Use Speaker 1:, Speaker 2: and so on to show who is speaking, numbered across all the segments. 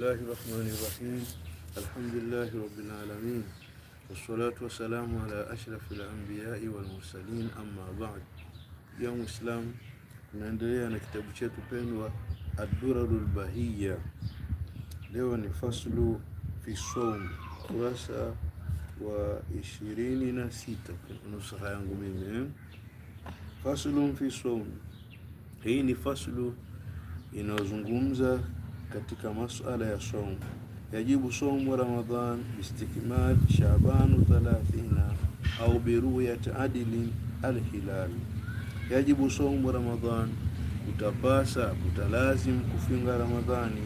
Speaker 1: Bismillahi rahmani rahim alhamdulillahi rabbil alamin wassalatu wassalamu ala ashrafil anbiyai wal mursalin amma ba'd. Ya Muislam, tunaendelea na kitabu chetu pendwa Ad-Durarul Bahiyya. Leo ni faslu fi sawm, kurasa wa ishirini na sita nusaha yangu mimi. Eh? Faslun fi sawm, hii ni faslu inayozungumza katika masala ya somu Yajibu somu Ramadhan bistikmal Shaabanu thalathina au biruyat adilin alhilal. Yajibu somu Ramadhan, kutapasa kutalazim kufunga Ramadhani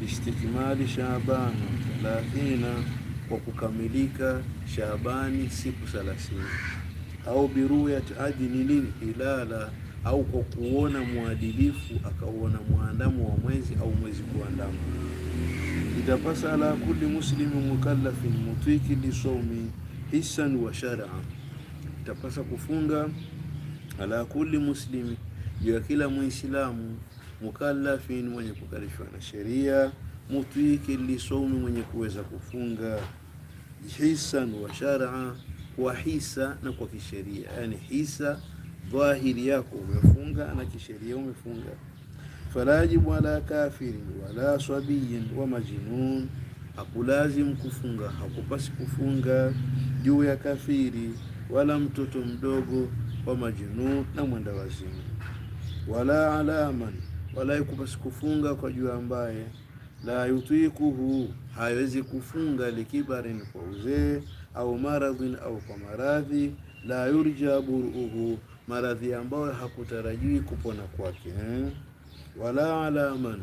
Speaker 1: bistikmali Shaabanu thalathina, kwa kukamilika Shaabani siku 30 au biruyat adilin hilala au kwa kuona mwadilifu akauona muandamo wa mwezi au mwezi kuandama. Itapasa ala kulli muslimin mukallafin mutwiki lisaumi hisan wa shar'a, itapasa kufunga ala kulli muslimi, juu ya kila muislamu mukallafin, mwenye kukalishwa na sheria, mutwiki lisaumi, mwenye kuweza kufunga hisan wa shar'a, kwa hisa na kwa kisheria, yani hisa dhahiri yako umefunga na kisheria umefunga. Falajibu ala kafiri wala swabiyin wa majnun, hakulazim kufunga, hakupasi kufunga juu ya kafiri wala mtoto mdogo wa majnun na mwenda wazimu. Wala alaman, wala ikupasi kufunga kwa juu ambaye la yutikuhu, hawezi kufunga likibarin, kwa uzee au maradhin, au kwa maradhi. La yurja buruhu maradhi ambayo hakutarajiwi kupona kwake eh? wala man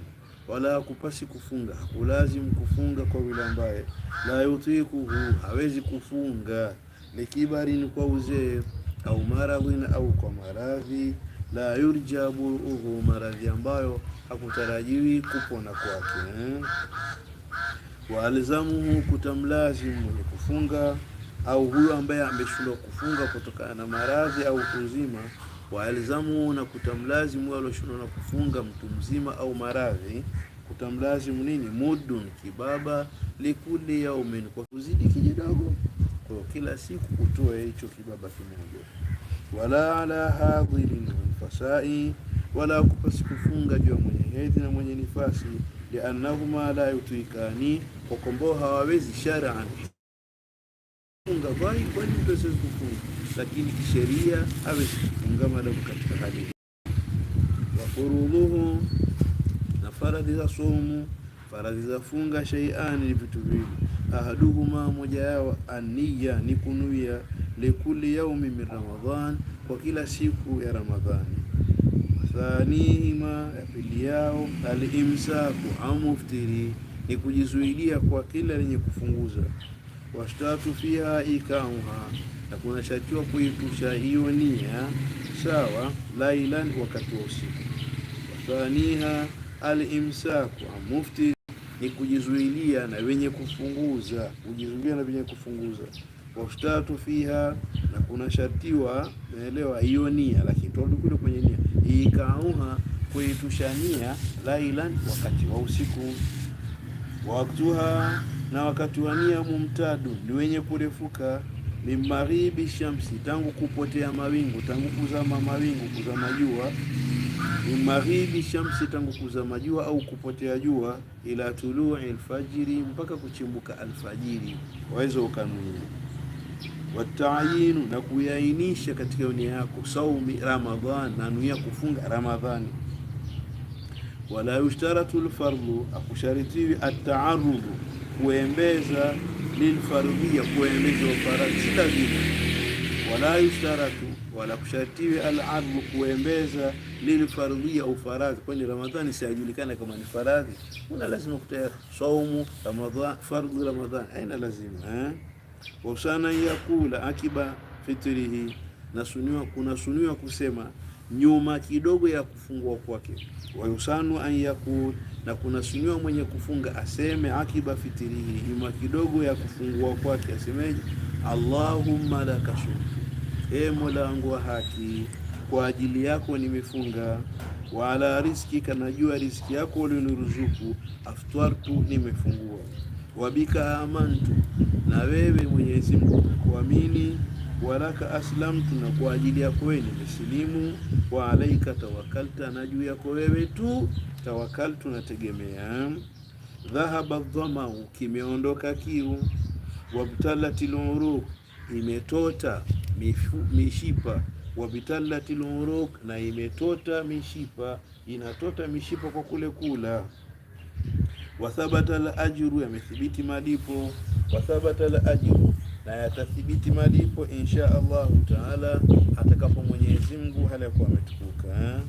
Speaker 1: wala kupasi kufunga hakulazimu kufunga kwa yule ambaye la yutikuhu hawezi kufunga likibarin kwa uzee au maradhin au kwa maradhi la yurja buruhu maradhi ambayo hakutarajiwi kupona kwake eh? waalzamuhu kutamlazimu mwenye kufunga au huyo ambaye ameshindwa kufunga kutokana na maradhi au uzima, waalzamu na kutamlazimu alioshindwa na kufunga, mtu mzima au maradhi, kutamlazimu nini? Mudun kibaba, likuli yaumin, kwa kuzidi kidogo, kwa kila siku kutoa hicho kibaba kimoja. Wala ala hadhirin nifasai, wala kupasi kufunga juu ya mwenye hedhi na mwenye nifasi, liannahuma la yutikani, kwa kombo hawawezi shar'an kufunga kwani kwani mtu asiwezi kufunga, lakini kisheria hawezi kufunga madamu katika hali wafuruduhu na faradhi za somu faradhi za funga shay'ani, ni vitu viwili. Ahaduhuma, moja yao, ania ni kunuia, likuli yaumi min Ramadhan, kwa kila siku ya Ramadhani. Thanihima, ya pili yao, alimsaku amuftiri, ni kujizuidia kwa kila lenye kufunguza washtatu fiha ikauha, na kuna kunashakiwa kuitusha hiyo nia sawa, lailan, wakati wa usiku. Wathaniha alimsaku amufti, ni kujizuilia na wenye kufunguza, kujizuilia na wenye kufunguza. washtatu fiha, na kuna shatiwa, naelewa hiyo nia, lakini turudi kule kwenye nia ikauha, kuitusha nia lailan, wakati wa usiku waktuha na wakati mumtadu ni wenye kurefuka mimaribi shamsi, tangu kupotea mawingu, tangu kuzama mawingu, kuzama jua. Mimaribi shamsi, tangu kuzama jua au kupotea jua, ila tuluu alfajiri, mpaka kuchimbuka alfajiri. Waweza ukanuia watayinu, na kuyainisha katika nia yako saumi Ramadhan, na nuia kufunga Ramadhani. Wala yushtaratu lfardhu, akusharitiwi ataarudu kuembeza lilfarudhia, kuembeza faradhi si lazima, wala yushtaratu, wala kushatiwe aladhu, kuembeza lilfarudhia ufaradhi, kwani Ramadhani ajulikana kama ni faradhi. Una lazima kutaya saumu Ramadhani, fardhu Ramadhani aina lazima eh? wasana yakula akiba fitrihi, nasuniwa kunasuniwa kusema nyuma kidogo ya kufungua kwake. Wayusanu an yakul, na kuna sunniwa mwenye kufunga aseme akiba fitirihi, nyuma kidogo ya kufungua kwake asemeje? Allahumma laka e Mola wangu wa haki, kwa ajili yako nimefunga. Wa ala riski najua riziki yako ulioniruzuku. Aftartu, nimefungua. Wabika amantu, na wewe Mwenyezi Mungu kuamini walaka aslamtu, na kwa ajili yako wewe nimesilimu. Wa alaika tawakkalta, na juu yako wewe tu tawakkaltu, nategemea. Dhahaba dhamau, kimeondoka kiu. Wabtalati uruq, imetota mifu, mishipa. Wabtalatil uruq, na imetota mishipa, inatota mishipa kwa kule kula. Wathabata al ajru, yamethibiti malipo. Wathabata al ajru na yatathibiti malipo insha Allahu taala atakapo Mwenyezi Mungu halakuwa ametukuka. Eh?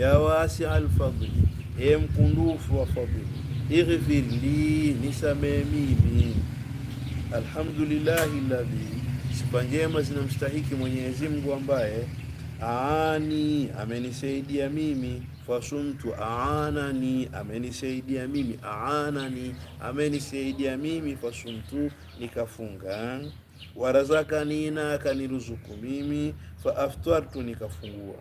Speaker 1: Ya wasi alfadhli, e mkundufu wa fadhli ighfir li, nisamee mimi. Alhamdulillahi alladhi, sifa njema zinamstahiki Mwenyezi Mungu ambaye aani, amenisaidia mimi. Fasumtu aanani, amenisaidia mimi. Aanani, amenisaidia mimi. Fasumtu, nikafunga. Warazakani, na akaniruzuku mimi. Faaftartu, nikafungua.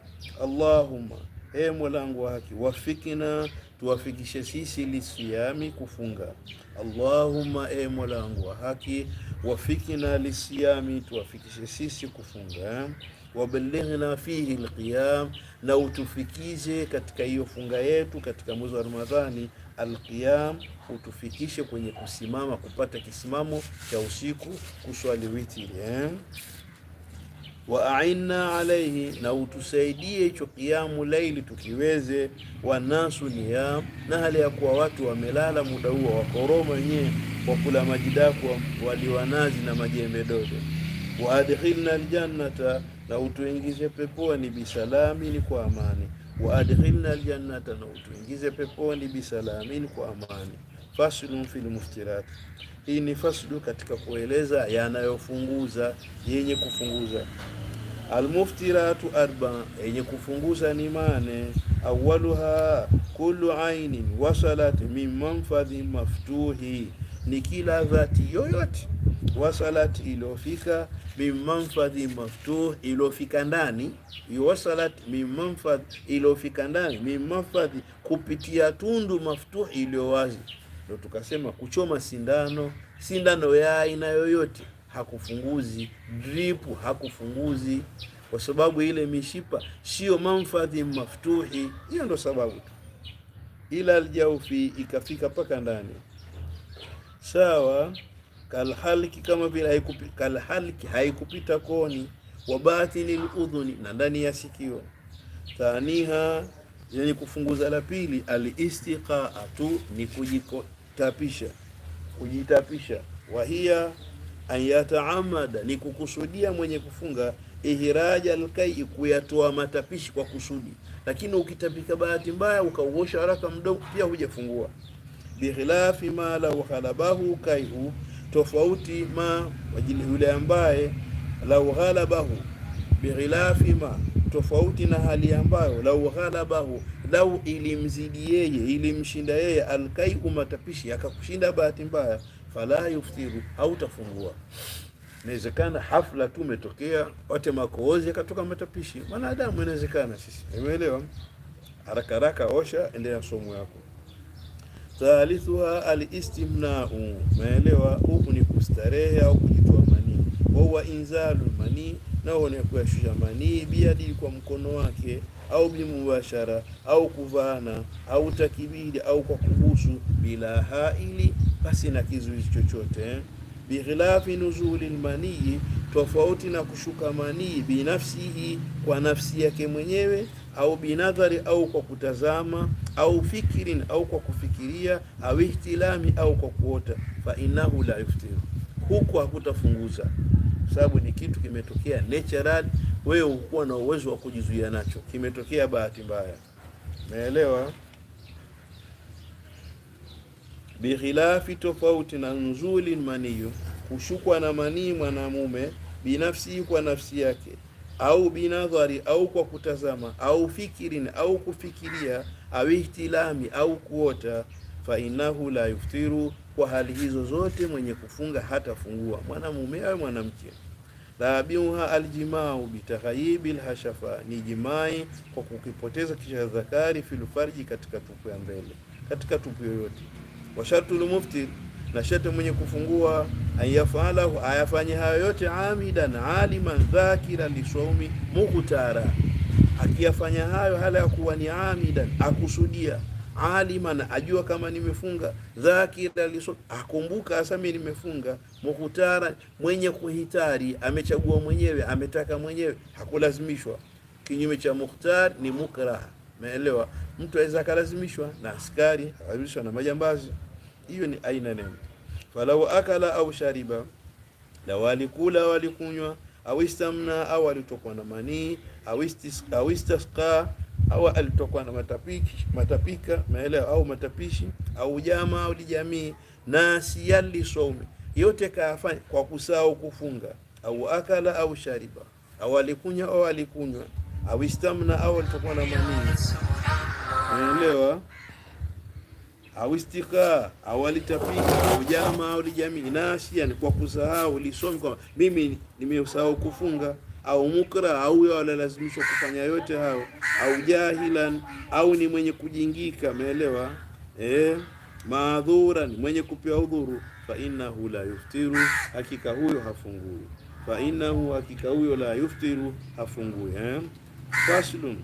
Speaker 1: Allahumma, e mwalangu wa haki, wafikina tuwafikishe sisi lisiami kufunga. Allahumma, e mwalangu wa haki, wafikina lisiami tuwafikishe sisi kufunga wabalighna fihi alqiyam, na utufikishe katika hiyo funga yetu katika mwezi wa Ramadhani. Alqiyam, utufikishe kwenye kusimama, kupata kisimamo cha usiku kuswali witri eh? wa ainna alaihi, na utusaidie hicho kiamu laili tukiweze. Wanasu niyam, na hali ya kuwa watu wamelala muda huo, wakoroma wenyewe kwa kula majidaku waliwanazi na majembe dodo. Waadkhilna aljannata na utuingize peponi bisalamin, kwa amani. Wa adkhilna aljannata, na utuingize peponi bisalamin, kwa amani. Faslun fil muftirat, hii ni faslu katika kueleza yanayofunguza yenye kufunguza. Almuftiratu arba, yenye kufunguza ni mane. Awaluha kullu ainin wasalat min manfadhi maftuhi, ni kila dhati yoyote wasalat ilofika mimanfadhi maftuh, ilofika ndani wasalat mimanfadhi iliyofika ilofika ndani mimanfadhi kupitia tundu maftuh, iliyo wazi. ndo tukasema kuchoma sindano, sindano ya aina yoyote hakufunguzi, drip hakufunguzi, kwa sababu ile mishipa sio manfadhi maftuhi. Hiyo ndo sababu tu, ila aljaufi ikafika mpaka ndani, sawa kalhalki, kama vile haikupita kalhalki haikupita koni, wa batili ludhuni, na ndani ya sikio thaniha, yani kufunguza la pili, tu ni kujitapisha, kujitapisha wahia an yataamada ni kukusudia mwenye kufunga ihraja alkai, kuyatoa matapishi kwa kusudi. Lakini ukitapika bahati mbaya ukauosha haraka mdomo, pia hujafungua. Bikhilafi ma lau ghalabahu kaiu tofauti ma wajili yule ambaye lau ghalabahu bighilafi ma tofauti na hali ambayo lau ghalabahu lau ilimzidi yeye ilimshinda yeye alkaiu matapishi akakushinda bahati mbaya fala yuftiru tafungua inawezekana hafla tu umetokea wate makoozi akatoka matapishi mwanadamu inawezekana sisi umeelewa haraka haraka osha endelea somo yako Thalithuha alistimnau, umeelewa? Huku ni kustarehe au kujitoa manii. Wahuwa inzalu manii, na huwa ni kuyashusha manii biadili, kwa mkono wake, au bimubashara, au kuvaana, au takibidi, au kwa kubusu, bila haili, basi na kizuizi chochote. Bighilafi nuzuli lmanii, tofauti na kushuka manii, binafsihi, kwa nafsi yake mwenyewe au binadhari au kwa kutazama, au fikirin au kwa kufikiria, au ihtilami au kwa kuota, fa innahu la yuftir, huku hakutafunguza sababu ni kitu kimetokea natural, wewe hukuwa na uwezo wa kujizuia nacho, kimetokea bahati mbaya, naelewa bikhilafi tofauti na nzuli maniyu, kushukwa na manii mwanamume binafsi kwa nafsi yake au binadhari au kwa kutazama, au fikirin au kufikiria, au ihtilami au kuota, fa innahu la yuftiru, kwa hali hizo zote mwenye kufunga hatafungua, mwanamume au mwanamke. Rabiuha aljimau bitaghayibil hashafa, ni jimai kwa kukipoteza kisha zakari filfarji, katika tupu ya mbele, katika tupu yoyote. Washartu lmuftir na shetani mwenye kufungua ayafalahu ayafanye hayo yote amidan aliman dhakiran lisaumi mukhtara, akiyafanya hayo hala ya kuwa ni amidan akusudia, aliman ajua kama nimefunga, dhakiran lisaumi akumbuka hasa mimi nimefunga, mukhtara mwenye kuhitari, amechagua mwenyewe, ametaka mwenyewe, hakulazimishwa. Kinyume cha mukhtar ni mukraha. Umeelewa? Mtu aweza akalazimishwa na askari, akalazimishwa na majambazi hiyo ni aina neno. Falau akala au shariba, lau alikula au alikunywa, au istamna au alitokwa na manii, au istasqa au alitokwa na matapiki, matapika maelewa, au matapishi, au jama au lijamii, nasiyali soumi, yote kaafanya kwa kusahau kufunga. Au akala au shariba, au alikunywa au alikunywa, au istamna au alitokwa na manii, maelewa au istikaa au alitapika au jama au lijamii nashia, ni kwa kusahau lisomi, kwa mimi nimeusahau kufunga au mukra au yeye alalazimishwa kufanya yote hao, au jahilan au ni mwenye kujingika, umeelewa eh? ni mwenye kupewa udhuru. Fa innahu la yuftiru, hakika huyo hafungui. Fa hakika huyo la yuftiru, hafungui eh? Faslun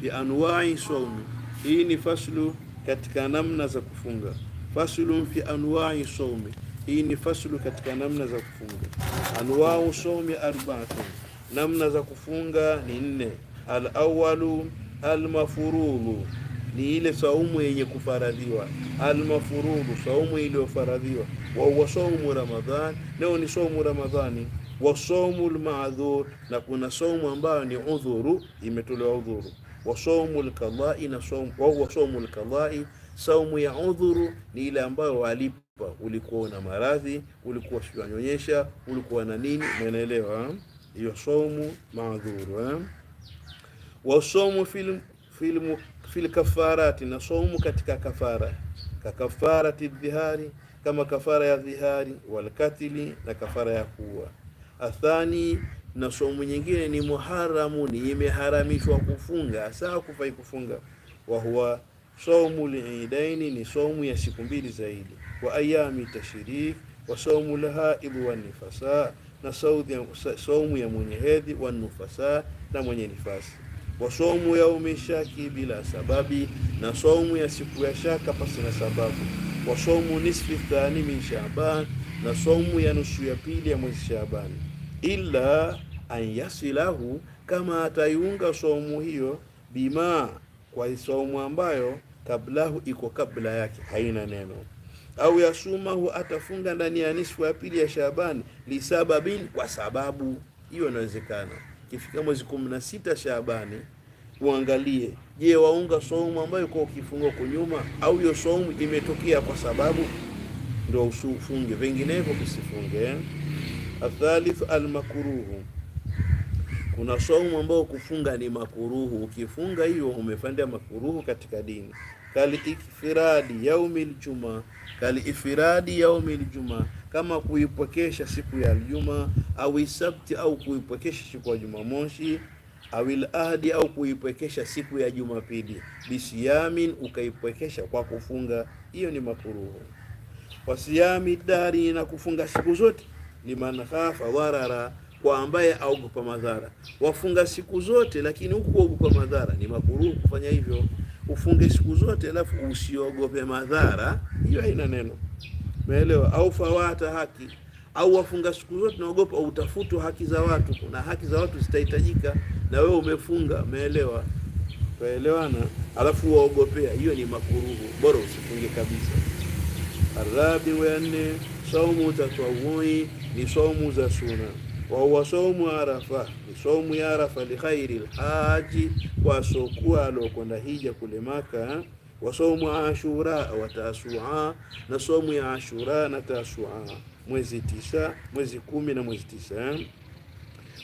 Speaker 1: fi anwa'i sawmi, hii ni faslu katika namna za kufunga. Faslun fi anwa'i sawmi, hii ni faslu katika namna za kufunga. Anwa'u sawmi arba'atun, namna za kufunga ni nne. Al-awwalu almafurudhu, ni ile saumu yenye kufaradhiwa. Almafurudhu, saumu iliyofaradhiwa. Wa huwa saumu Ramadhan, leo ni saumu Ramadhani wa saumu almaadhur, na kuna saumu ambayo ni udhuru, imetolewa udhuru wa saumu na saumu ya udhuru ni ile ambayo walipa, ulikuwa una maradhi, ulikuwa siwanyonyesha ulikuwa na nini, umeelewa eh? hiyo saumu maadhuru eh? wa fil fil fil kafarati, na saumu katika kafara, ka kafarati dhihari, kama kafara ya dhihari, walkatili, na kafara ya kuwa athani na somu nyingine ni muharamu, ni imeharamishwa kufunga, saa kufai kufunga. Wa huwa somu liidaini, ni somu ya siku mbili zaidi, wa ayami tashrik, wa saumu lahaidhi wa nifasa, na saudi, somu ya mwenye hedhi, wa nufasa, na mwenye nifasi, wa somu ya umeshaki bila sababi, na somu ya siku ya shaka pasi na sababu, wa somu nisfi thani min Shaaban, na somu ya nusu ya pili ya mwezi Shaabani illa an yasilahu, kama ataiunga saumu hiyo bima, kwa saumu ambayo kablahu iko kabla yake haina neno au yasumahu, atafunga ndani ya nisfu ya pili ya Shabani lisababin, kwa sababu hiyo inawezekana. Kifika mwezi kumi na sita Shabani uangalie, je, waunga saumu ambayo kwa ukifunga kunyuma au hiyo saumu imetokea kwa sababu ndio usufunge, vinginevyo usifunge athalith almakruhu, kuna saumu ambayo kufunga ni makuruhu. Ukifunga hiyo umefanya makuruhu katika dini, kali ifiradi yaumi ljuma, kali ifiradi yaumi ljuma, kama kuipwekesha siku ya juma au isabti au kuipokesha siku ya jumamoshi awil ahdi au kuipwekesha siku ya Jumapili, bisiyamin, ukaipwekesha kwa kufunga, hiyo ni makuruhu. Wasiyami dari, na kufunga siku zote liman khafa dharara, kwa ambaye aogopa madhara. Wafunga siku zote, lakini huku ogopa madhara ni makuruhu kufanya hivyo. Ufunge siku zote alafu usiogope madhara, hiyo haina neno, umeelewa? Au fawata haki, au wafunga siku zote naogopa utafutwa haki za watu, kuna haki za watu zitahitajika na wewe umefunga, umeelewa? Tuelewana, alafu waogopea, hiyo ni makuruhu, bora usifunge kabisa. Arabi wa nne saumu tatawui ni somu za suna huwa somu Arafa, ni somu ya Arafa likhairi lhaji, wasokuwa alokwenda hija kule Maka. Eh? Wa somu Ashura wa Tasua, na somu ya Ashura na Tasua, mwezi tisa, mwezi kumi na mwezi tisa, eh?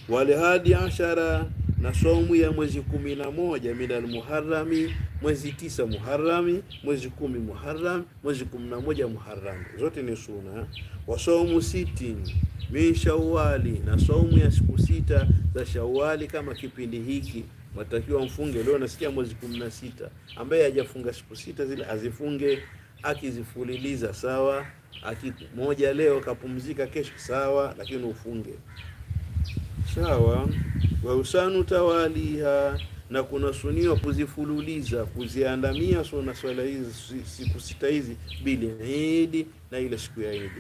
Speaker 1: walihadi hadi ashara na somu ya mwezi kumi na moja minal muharami mwezi tisa muharami mwezi kumi Muharram, mwezi kumi na moja Muharram, zote ni suna. Wa somu sitin min Shawali, na somu ya siku sita za Shawali. Kama kipindi hiki matakiwa mfunge leo, nasikia mwezi kumi na sita. Ambaye hajafunga siku sita zile azifunge, akizifuliliza sawa, akimoja leo kapumzika, kesho sawa, lakini ufunge sawa wa usanu tawaliha, na kunasuniwa kuzifululiza kuziandamia so na swala hizi siku sita hizi bili idi na ile siku ya Idi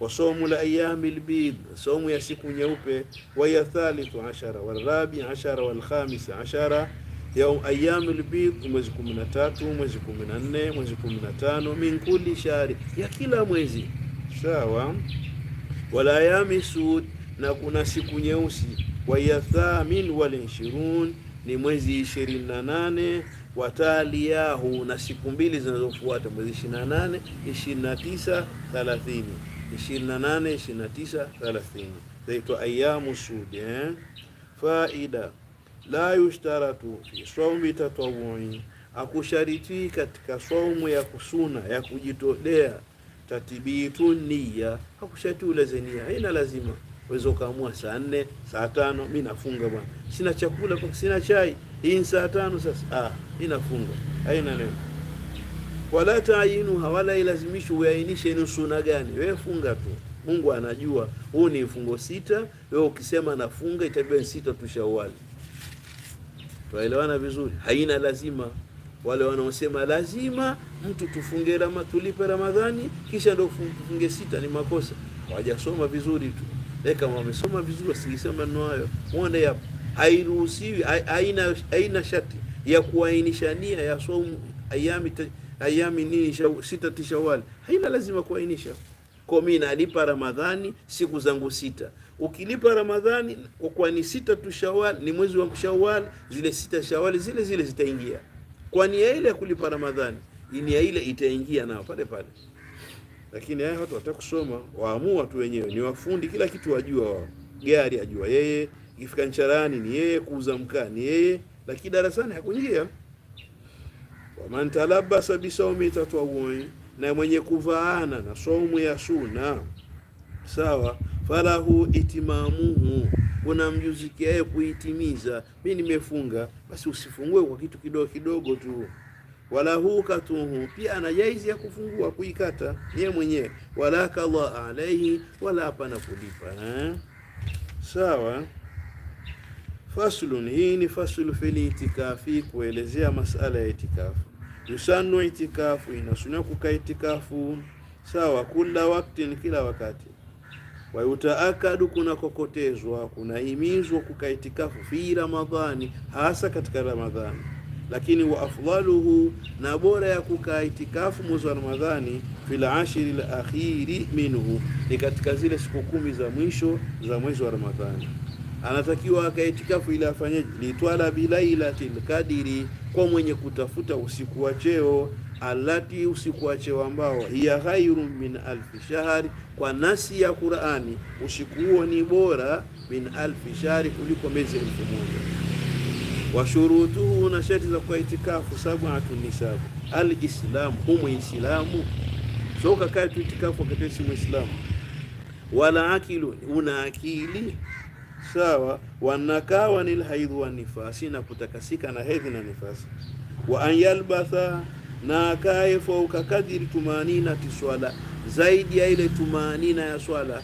Speaker 1: wa somu la ayami lbid, somu ya siku nyeupe, waya thalithu ashara warabi ashara walkhamis ashara ya ayami lbid, mwezi 13 mwezi 14 mwezi 15 min kulli shahri, ya kila mwezi sawa. Wala ayami sud, na kuna siku nyeusi wa yathamin wal ishirun, ni mwezi 28 na nane wataliyahu, na siku mbili zinazofuata mwezi 28, 29, 30 28, 29, 30 zaitwa ayamu sud eh. Faida la yushtaratu fi sawmi tatawui, akushariti katika saumu ya kusuna ya kujitolea. Tatibitu niya, hakushati ulazenia, haina lazima Waweza ukaamua saa nne, saa tano, mi nafunga bwana, sina chakula kwa sina chai, hii saa tano sasa, ah, mi nafunga. Haina neno wala taayinu, hawala ilazimishu uainishe ni suna gani, wewe funga tu. Mungu anajua huu ni mfungo sita, wewe ukisema nafunga itabia sita tu Shawwal. Tuelewana vizuri, haina lazima wale wanaosema lazima mtu tufunge rama, tulipe Ramadhani kisha ndio tufunge sita, ni makosa, wajasoma vizuri tu. E, wamesoma vizuri wasingisema maneno hayo. Mwanda ya hairuhusiwi, haina haina sharti ya kuainisha nia ya somu ayami ayami shaw, sita tishawali, haina lazima kuainisha kwa mimi nalipa Ramadhani siku zangu sita. Ukilipa Ramadhani kwa kuwa ni sita tu Shawal, ni mwezi wa Shawal, zile sita Shawal zile zile zitaingia kwa nia ile ya kulipa Ramadhani, nia ile itaingia nao pale pale lakini haya watu wataka kusoma, waamua tu wenyewe, ni wafundi, kila kitu wajua wao. Gari ajua yeye, ikifika ncharani ni yeye, kuuza mkaa ni yeye, lakini darasani hakuingia. Waman talabasa bisaumi tatawui, na mwenye kuvaana na somu ya suna sawa, falahu itimamuhu, kuna mjuzikia yeye kuitimiza. Mimi nimefunga, basi usifungue kwa kitu kidogo kidogo tu walahu katuhu, pia ana jaizi ya kufungua kuikata yeye mwenyewe, wala kadha alaihi, wala hapana kulipa Sawa. Faslun, hii ni faslu fil itikafi, kuelezea masala ya itikafu. Yusanu itikafu, inasuna kukaa itikafu sawa, kula waktin, kila wakati wayutaakadu kuna kokotezwa kunahimizwa kukaa itikafu fi Ramadhani, hasa katika Ramadhani lakini wa afdaluhu, na bora ya kukaa itikafu mwezi wa Ramadhani, fil ashri al minhu, ni katika zile siku kumi za mwisho za mwezi wa Ramadhani. Anatakiwa akae itikafu ili afanyeje? litwala bilailatil qadri, kwa mwenye kutafuta usiku wa cheo alati usiku wa cheo ambao hiya khairun min alfi shahri, kwa nasi ya Qur'ani, usiku huo ni bora min alfi shahri, kuliko miezi elfu moja washurutuhu na sharti za kwa itikafu sabatu ni saba. Alislamu humu islamu, so ukakaa tu itikafu wakati si muislamu, wala akilu una akili sawa, wanakawa ni haidhu wa nifasi, na kutakasika na hedhi na nifasi, wa an yalbatha na akae fauka kadiri tumanina tiswala, zaidi ya ile tumanina ya swala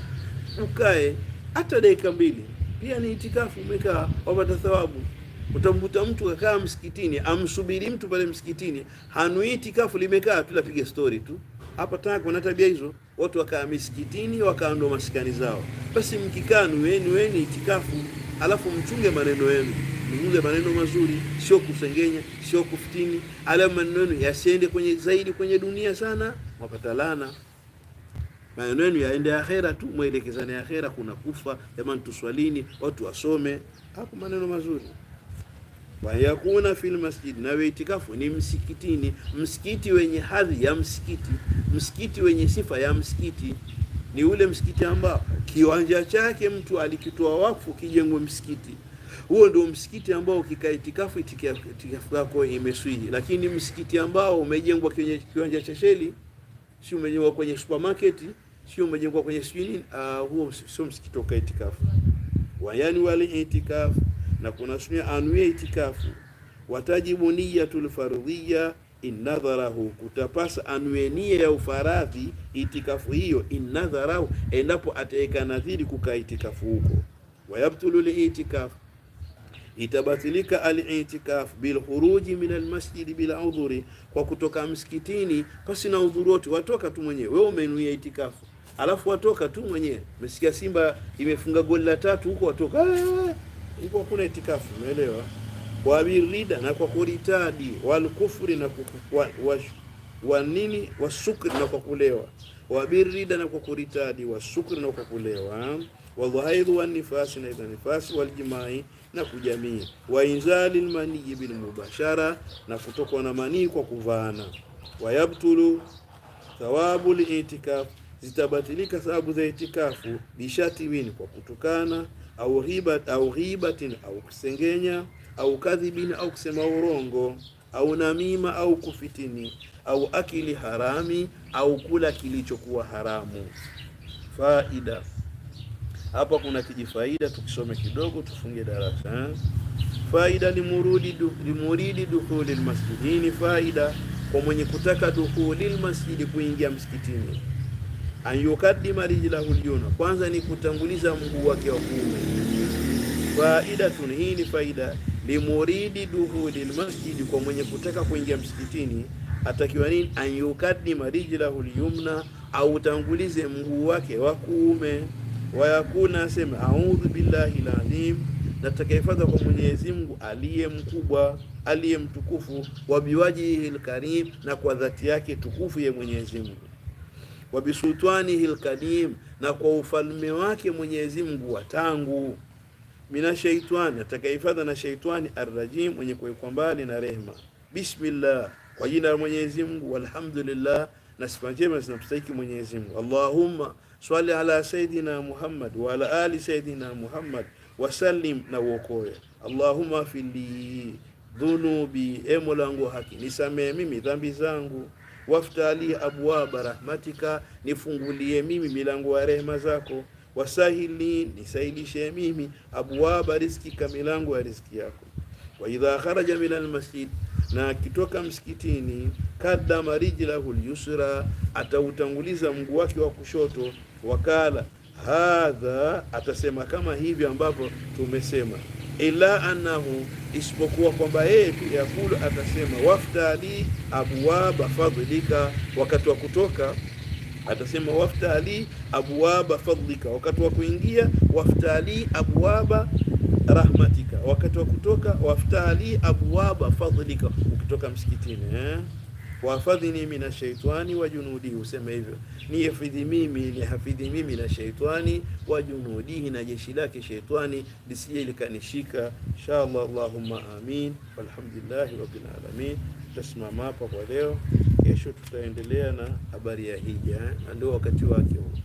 Speaker 1: ukae hata dakika mbili, pia ni itikafu, umekaa wapata thawabu. Utamkuta mtu kakaa msikitini, amsubiri mtu pale msikitini, hanuiti kafu, limekaa tu lapiga stori tu. Hapa Taa kuna tabia hizo, watu wakaa misikitini wakaa ndo masikani zao. Basi mkikaa nuweni, weni itikafu, alafu mchunge maneno yenu, mzungumze maneno mazuri, sio kusengenya, sio kufitini, alafu maneno yenu yasiende kwenye zaidi kwenye dunia sana, mwapata lana maneno yenu yaende akhera tu, mwelekezane akhera. Kuna kufa jamani, tuswalini, watu wasome, hapo maneno mazuri wayakuna fil masjid, nawe itikafu ni msikitini, msikiti wenye hadhi ya msikiti, msikiti wenye sifa ya msikiti ni ule msikiti ambao kiwanja chake mtu alikitoa wakfu kijengwe msikiti. Huo ndio msikiti ambao ukikaa itikafu, itikafu yako imeswiji. Lakini msikiti ambao umejengwa kwenye kiwanja cha sheli, sio umejengwa kwenye supermarket, sio umejengwa kwenye sijui nini, ah, huo sio msikiti wa itikafu. wayani wali itikafu na kunasimia anuia itikafu watajibu niyatul fardhiyya innadharahu, kutapasa anuye ya ufaradhi itikafu hiyo. Innadharahu, endapo ataeka nadhiri kukaa itikafu huko. Wayabtulu litikafu, itabatilika alitikafu bilkhuruji min almasjidi bila udhuri, kwa kutoka msikitini pasi na udhuru wote. Watoka tu mwenyewe, wewe umenuia itikafu alafu watoka tu mwenyewe. Umesikia Simba imefunga goli la tatu huko, watoka Aaah! huko kuna itikafu, umeelewa, kwa birida na kwa kuritadi, walkufri na kwa wa, wa nini wasukri na kwa kulewa, birida na kwa kuritadi, shukri na kwa kulewa, wa wanifasi na idha nifasi, waljimai na kujamii, wainzali lmanii bilmubashara na kutokwa na manii kwa kuvaana, yabtulu thawabu liitikafu, zitabatilika sababu za itikafu wini kwa kutukana au riba au ghibatin au kusengenya au kadhibin au kusema urongo au namima au kufitini au akili harami au kula kilichokuwa haramu. Faida hapa kuna kijifaida, tukisome kidogo tufunge darasa. Eh? Faida limurudi limuridi dukhuli almasjidini, faida kwa mwenye kutaka dukhuli lmasjidi kuingia msikitini anyukadima rijlahu lyumna, kwanza ni kutanguliza mguu wake wa kuume. Faidatun, hii ni faida. Limuridi duhuli lmasjidi, kwa mwenye kutaka kuingia msikitini atakiwa nini? Anyukadima rijlahu lyumna, autangulize mguu wake wa kuume. Wayakuna, asema audhu billahi lazim natakayefadha kwa Mwenyezi Mungu aliye mkubwa aliye mtukufu, wa biwajihi lkarim, na kwa dhati yake tukufu ye Mwenyezi Mungu wa bisultanihi lkadim, na kwa ufalme wake Mwenyezi Mungu wa tangu. Mina sheitani atakayefadha na sheitani Arrajim, mwenye kuwekwa mbali na rehema. Bismillah, kwa jina la Mwenyezi Mungu. Walhamdulillah, na sifa njema zinamstahiki Mwenyezi Mungu. Allahumma swali ala sayidina Muhammad wa ala ali sayidina Muhammad wasallim, na uokoe. Allahumma fili dhunubi, e Mola haki nisamee mimi dhambi zangu waftali abwaba rahmatika, nifungulie mimi milango ya rehema zako. Wasahili, nisahilishe mimi abwaba rizkika, milango ya riziki yako. Wa idha kharaja min almasjid, na akitoka msikitini, kadama rijlahu lyusra, atautanguliza mguu wake wa kushoto. Wakala hadha, atasema kama hivi ambavyo tumesema, ila annahu isipokuwa kwamba yeye tu yakulu atasema waftali abuaba fadhlika, wakati wa kutoka atasema waftali abuaba fadlika wakati wa kuingia waftali abwaba rahmatika, wakati wa kutoka waftali abwaba fadhlika, ukitoka msikitini eh? wahfadhni mina shaitani wa junudihi, useme hivyo, hafidhi mimi, hafidhi mimi na shaitani wa na jeshi lake shaitani lisije likanishika. Inshallah, allahumma amin. Walhamdulillahi rabbil alamin. Tutasimama hapa kwa leo, kesho tutaendelea na habari ya hija, eh? na ndio wakati wake huo.